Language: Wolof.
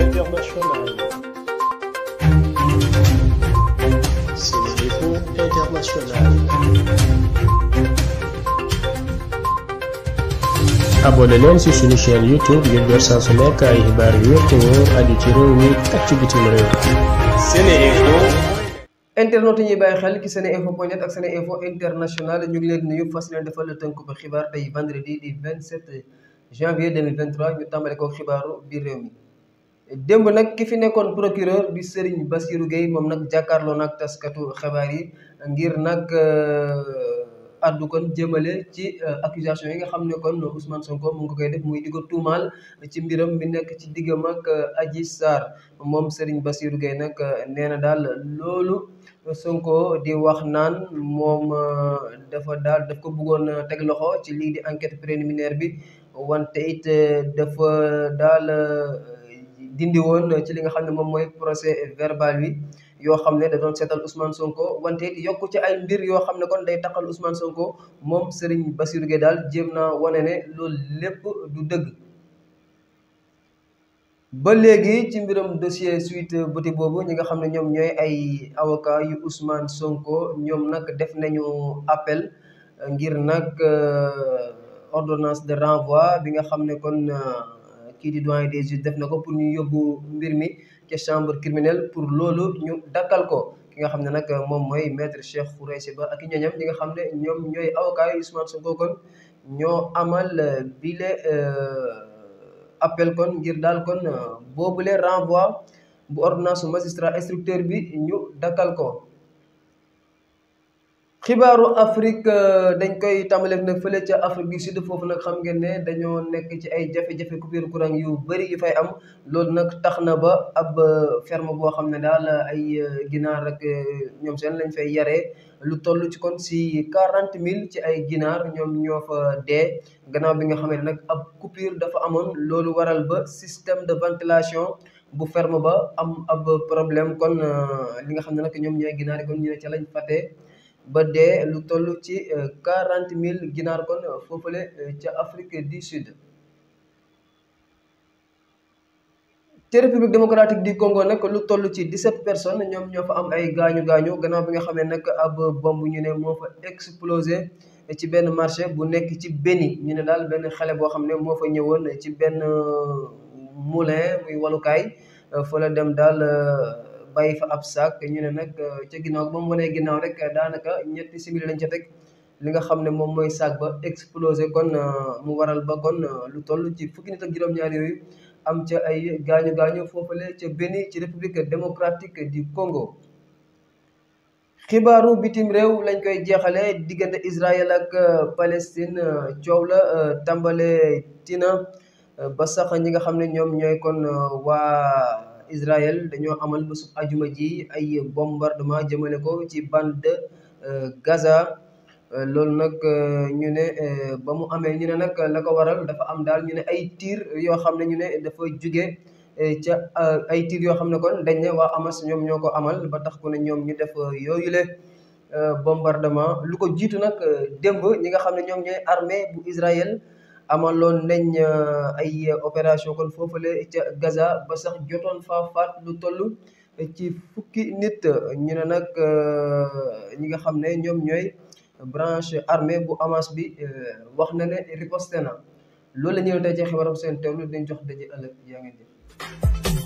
internationale. C'est l'info internationale. abonné leen ci suñu chaîne YouTube ngir jot saa su nekk xibaar yu wér te wóor aju ci réew mi ak ci bitim réew. SeneInfo. internet xel ci seneinfo point net ñu ngi leen nuyu fas leen defal tënk ba xibaar tey vendredi di 27 janvier 2023 ñu tàmbale ko xibaaru biir réew mi démb nag ki fi nekkoon procureur di Serigne Bassirou Gueye moom nag jàkkaarloo nag taskatu xibaar yi ngir nag addu euh, kon jëmale ci euh, accusation yi nga xam ne kon Ousmane Sonko mu ngi koy def muy di tuumaal ci mbiram mi nekk ci diggam ak euh, Adji Sarr moom Serigne bassiru Gueye nag nee na daal loolu Sonko di wax naan moom dafa daal daf ko buggoon teg loxo ci lii di enquête préliminaire bi wante it dafa daal. dindi woon ci li nga xam ne moom mooy procès verbal bi yoo xam ne da doon seetal Ousmane Sonko wante it yokk ci ay mbir yoo xam ne kon day taqal Ousmane Sonko moom Serigne Bassirou Gueye daal jéem naa wane ne loolu lépp du dëgg. ba léegi ci mbiram dossier suite buti boobu ñi nga xam ne ñoom ñooy ay avocat yu Ousmane Sonko ñoom nag def nañu appel ngir nag euh, ordonnance de renvoi bi nga xam ne kon. Euh, kii di doyen des juges def na ko pour ñu yóbbu mbir mi ca chambre criminelle pour loolu ñu dakkal ko ki nga xam ne nag moom mooy maître Cheikh Khoureyssi Ba ak ñooñam ñi nga xam ne ñoom ñooy avocat yi Ousmane Sonko kon ñoo amal euh, bile euh, appel kon ngir daal kon euh, boobule renvoi bu ordonnance magistrat instructeur bi ñu dakkal ko. xibaaru Afrique euh, dañ koy tàmbaleeg nag fële ca Afrique du Sud foofu nag xam ngeen ne dañoo nekk ci ay jafe-jafe coupure courant yu bëri yu fay am loolu nag tax na ba ab euh, ferme boo xam ne daal ay euh, ginaar rek ñoom seen lañ fay yaree lu toll ci kon si quarante mille ci ay ginaar ñoom ñoo fa dee gannaaw bi nga xam ne nag ab coupure dafa amoon loolu waral ba système de ventilation. bu ferme ba am ab problème kon li nga xam ne nag ñoom ñooy ginaar yi kon ñu ne ca lañ fàtte ba dee lu toll ci euh, quarante mille ginaar kon foofule euh, ca Afrique du Sud te république démocratique du Congo nag lu toll ci 17 personnes ñoom ñoo fa am ay gaañu gaañu gannaaw bi nga xam ne nag ab bomb ñu ne moo fa explosé ci benn marché bu nekk ci Beni ñu ne daal benn xale boo xam ne moo fa ñëwoon ci benn euh, moulin muy walukaay fa la dem daal. bay fa ab saak ñu ne nag euh, ca ginnaaw ba mu wanee ginaaw rek daanaka ñetti simili lañ ca teg li nga xam ne moom mooy saak ba explosé kon euh, mu waral ba kon euh, lu toll ci fukki nit ak juróom-ñaar yooyu am ca ay gaañu gaañu foofale ca Beni ci république démocratique du Congo. xibaaru bitim réew lañ koy jeexale diggante Israël ak Palestine coow la tàmbale tina ba sax ñi nga xam ne ñoom ñooy kon waa. Israël dañoo amal bésub ajuma ji ay bombardement jëmale ko ci band de euh, Gaza euh, loolu nag euh, ñu ne ba mu amee ñu ne nag la ko waral dafa am daal ñu ne ay tiir yoo xam ne ñu ne dafa juge ca ay tiir yoo xam ne ko dañ ne waa Hamas ñoom ñoo ko amal ba tax ku ne ñoom ñu def yooyule bombardement lu ko jiitu nag démb ñi nga xam ne ñoom ñooy armée bu Israël amaloon nañ euh, ay opération kon foofule ca Gaza ba sax jotoon faa faat lu toll ci fukki nit ñu ne nag euh, ñi nga xam ne ñoom ñooy branche armée bu Hamas bi euh, wax na ne riposte na loolu la ñu doon tey ci xibaaram seen teewlu dañ jox daje ëllëg yaa ngeen jëf.